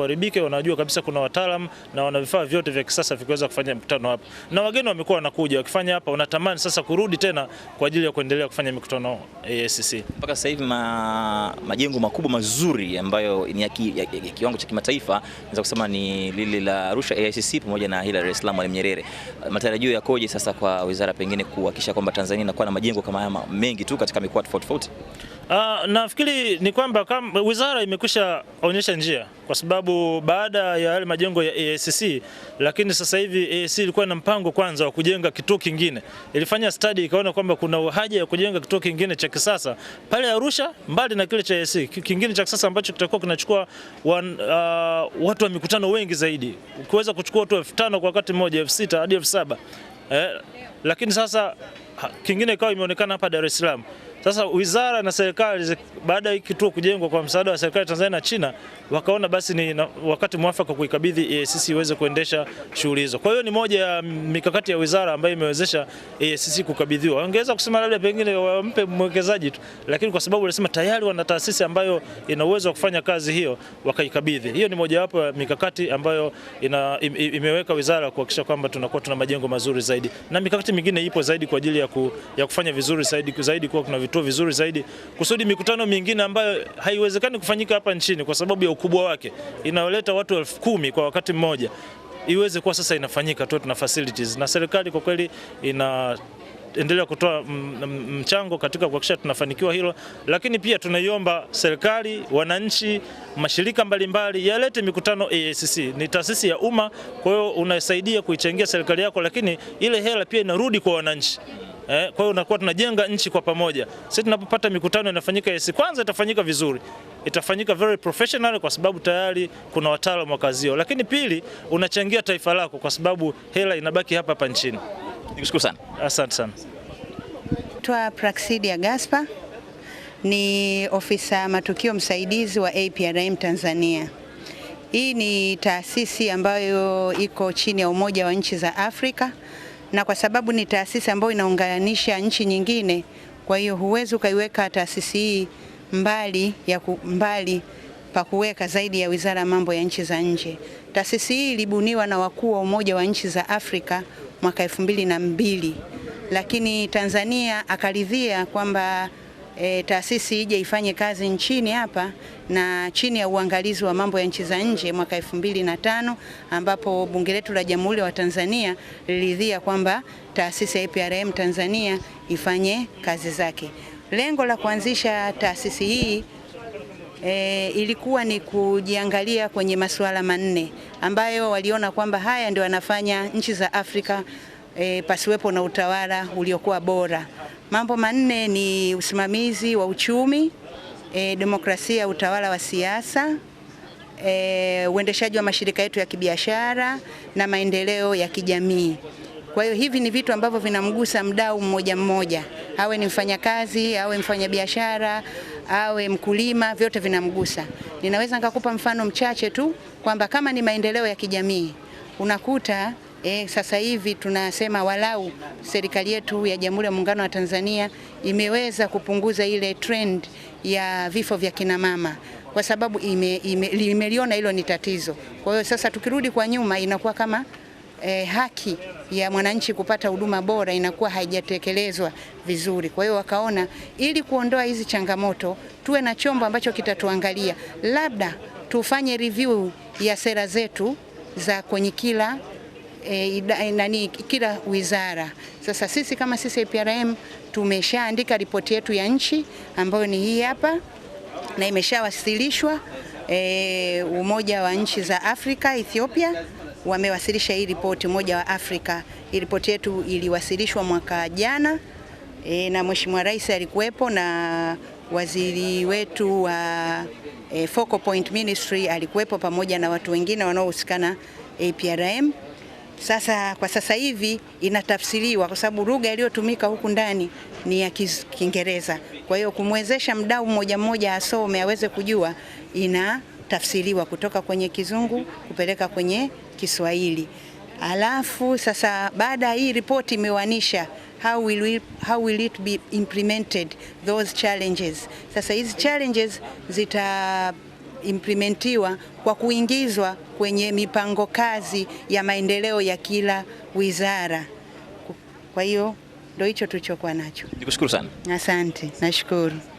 Waribike wanajua kabisa kuna wataalam na wana vifaa vyote vya kisasa vikiweza kufanya mkutano hapa, na wageni wamekuwa wanakuja wakifanya hapa, wanatamani sasa kurudi tena kwa ajili ya kuendelea kufanya mikutano AICC. Mpaka sasa hivi ma... majengo makubwa mazuri ambayo ni ya, ki... ya kiwango cha kimataifa naweza kusema ni lile la Arusha AICC pamoja na hila la Dar es Salaam Mwalimu Nyerere. Matarajio yakoje sasa kwa wizara pengine kuhakikisha kwamba Tanzania inakuwa na majengo kama haya mengi tu katika mikoa tofauti tofauti? Uh, nafikiri ni kwamba kama wizara imekwisha onyesha njia, kwa sababu baada ya yale majengo ya AICC, lakini sasa hivi AICC ilikuwa na mpango kwanza wa kujenga kituo kingine, ilifanya study ikaona kwamba kuna haja ya kujenga kituo kingine cha kisasa pale Arusha, mbali na kile cha AICC, kingine cha kisasa ambacho kitakuwa kinachukua wan, uh, watu wa mikutano wengi zaidi, ukiweza kuchukua watu elfu tano kwa wakati mmoja, elfu sita hadi elfu saba eh, lakini sasa kingine ikawa imeonekana hapa Dar es Salaam. Sasa wizara na serikali baada ya kituo kujengwa kwa msaada wa serikali Tanzania na China, wakaona basi ni wakati mwafaka kuikabidhi EACC eh, iweze kuendesha shughuli hizo. Kwa hiyo ni moja ya mikakati ya wizara ambayo imewezesha EACC eh, kukabidhiwa. Wangeweza kusema labda pengine wampe mwekezaji tu, lakini kwa sababu walisema tayari wana taasisi ambayo ina uwezo wa kufanya kazi hiyo, wakaikabidhi. Hiyo ni mojawapo ya mikakati ambayo ina, imeweka wizara kuhakikisha kwamba tunakuwa tuna majengo mazuri zaidi, na mikakati mingine ipo zaidi kwa ajili ya, ku, ya kufanya vizuri zaidi zaidi kwa kuna vitu tu vizuri zaidi, kusudi mikutano mingine ambayo haiwezekani kufanyika hapa nchini kwa sababu ya ukubwa wake inayoleta watu elfu kumi kwa wakati mmoja iweze kuwa sasa inafanyika tu, tuna facilities na serikali kwa kweli ina endelea kutoa mchango katika kuhakikisha tunafanikiwa hilo, lakini pia tunaiomba serikali, wananchi, mashirika mbalimbali yalete mikutano. AACC. ni taasisi ya umma, kwa hiyo unasaidia kuichangia serikali yako, lakini ile hela pia inarudi kwa wananchi. Eh, kwa hiyo unakuwa tunajenga nchi kwa pamoja. Sisi tunapopata mikutano inafanyika yes, kwanza itafanyika vizuri, itafanyika very professional kwa sababu tayari kuna wataalamu wa kazi hiyo, lakini pili, unachangia taifa lako kwa sababu hela inabaki hapa hapa nchini. Nikushukuru sana, asante sana. Twa Praxidia Gaspar ni ofisa matukio msaidizi wa APRM Tanzania. Hii ni taasisi ambayo iko chini ya Umoja wa Nchi za Afrika na kwa sababu ni taasisi ambayo inaunganisha nchi nyingine, kwa hiyo huwezi ukaiweka taasisi hii mbali ya ku, mbali pa kuweka zaidi ya Wizara ya Mambo ya Nchi za Nje. Taasisi hii ilibuniwa na wakuu wa Umoja wa Nchi za Afrika mwaka elfu mbili na mbili, lakini Tanzania akaridhia kwamba e, taasisi ije ifanye kazi nchini hapa na chini ya uangalizi wa mambo ya nchi za nje mwaka elfu mbili na tano ambapo bunge letu la Jamhuri wa Tanzania liliridhia kwamba taasisi ya APRM Tanzania ifanye kazi zake. Lengo la kuanzisha taasisi hii E, ilikuwa ni kujiangalia kwenye masuala manne ambayo waliona kwamba haya ndio wanafanya nchi za Afrika e, pasiwepo na utawala uliokuwa bora. Mambo manne ni usimamizi wa uchumi e, demokrasia, utawala wa siasa e, uendeshaji wa mashirika yetu ya kibiashara na maendeleo ya kijamii. Kwa hiyo hivi ni vitu ambavyo vinamgusa mdau mmoja mmoja, awe ni mfanyakazi, awe mfanyabiashara, awe mkulima, vyote vinamgusa. Ninaweza nikakupa mfano mchache tu kwamba kama ni maendeleo ya kijamii unakuta E, sasa hivi tunasema walau serikali yetu ya Jamhuri ya Muungano wa Tanzania imeweza kupunguza ile trend ya vifo vya kina mama kwa sababu imeliona ime, ime hilo ni tatizo. Kwa hiyo sasa tukirudi kwa nyuma inakuwa kama e, haki ya mwananchi kupata huduma bora inakuwa haijatekelezwa vizuri. Kwa hiyo wakaona ili kuondoa hizi changamoto tuwe na chombo ambacho kitatuangalia, labda tufanye review ya sera zetu za kwenye kila E, e, nani kila wizara. Sasa sisi kama sisi IPRM tumeshaandika ripoti yetu ya nchi ambayo ni hii hapa na imeshawasilishwa e, Umoja wa Nchi za Afrika Ethiopia wamewasilisha hii ripoti Umoja wa Afrika. Hii ripoti yetu iliwasilishwa mwaka jana e, na Mheshimiwa Rais alikuwepo na waziri wetu wa e, Focal Point Ministry alikuwepo pamoja na watu wengine wanaohusikana APRM. Sasa kwa sasa hivi inatafsiriwa kwa sababu lugha iliyotumika huku ndani ni ya Kiingereza. Kwa hiyo kumwezesha mdau mmoja mmoja asome aweze kujua, inatafsiriwa kutoka kwenye kizungu kupeleka kwenye Kiswahili. Alafu sasa baada ya hii ripoti imewanisha how will we, how will it be implemented those challenges. Sasa hizi challenges zita implementiwa kwa kuingizwa kwenye mipango kazi ya maendeleo ya kila wizara. Kwa hiyo ndio hicho tulichokuwa nacho. Nikushukuru sana. Asante, nashukuru.